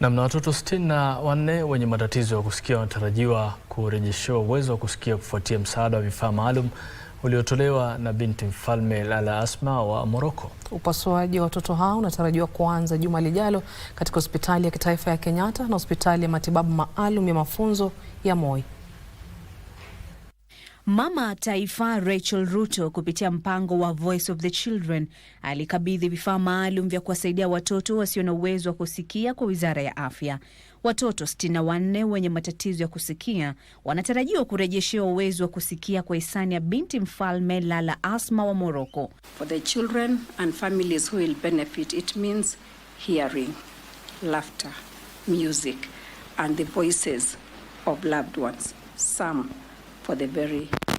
Namna watoto sitini na wanne wenye matatizo ya kusikia wanatarajiwa kurejeshewa uwezo wa kusikia kufuatia msaada wa vifaa maalum uliotolewa na Binti Mfalme Lala Asma wa Morocco. Upasuaji wa watoto hao unatarajiwa kuanza juma lijalo katika hospitali ya kitaifa ya Kenyatta na hospitali ya matibabu maalum ya mafunzo ya Moi. Mama Taifa Rachel Ruto kupitia mpango wa Voice of the Children alikabidhi vifaa maalum vya kuwasaidia watoto wasio na uwezo wa kusikia kwa Wizara ya Afya. Watoto 64 wenye matatizo ya kusikia wanatarajiwa kurejeshewa uwezo wa kusikia kwa hisani ya binti mfalme Lala Asma wa Moroko. For the children and families who will benefit it means hearing, laughter, music and the voices of loved ones. Some for the very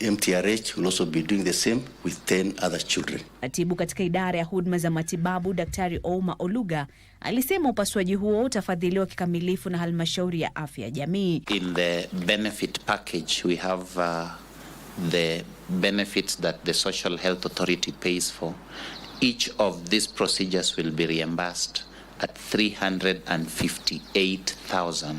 MTRH will also be doing the same with 10 other children. Atibu katika idara ya huduma za matibabu Daktari Ouma Oluga alisema upasuaji huo utafadhiliwa kikamilifu na halmashauri ya afya ya jamii. In the benefit package we have uh, the benefits that the Social Health Authority pays for. Each of these procedures will be reimbursed at 358,000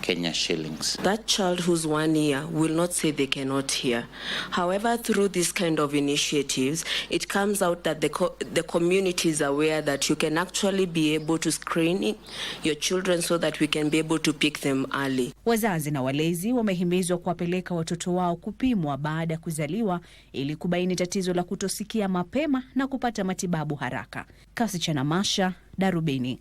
Kenya shillings. That child who's one year will not say they cannot hear. However, through this kind of initiatives, it comes out that the, co the community is aware that you can actually be able to screen your children so that we can be able to pick them early. Wazazi na walezi wamehimizwa kuwapeleka watoto wao kupimwa baada ya kuzaliwa ili kubaini tatizo la kutosikia mapema na kupata matibabu haraka. Kasi cha Namasha, Darubini.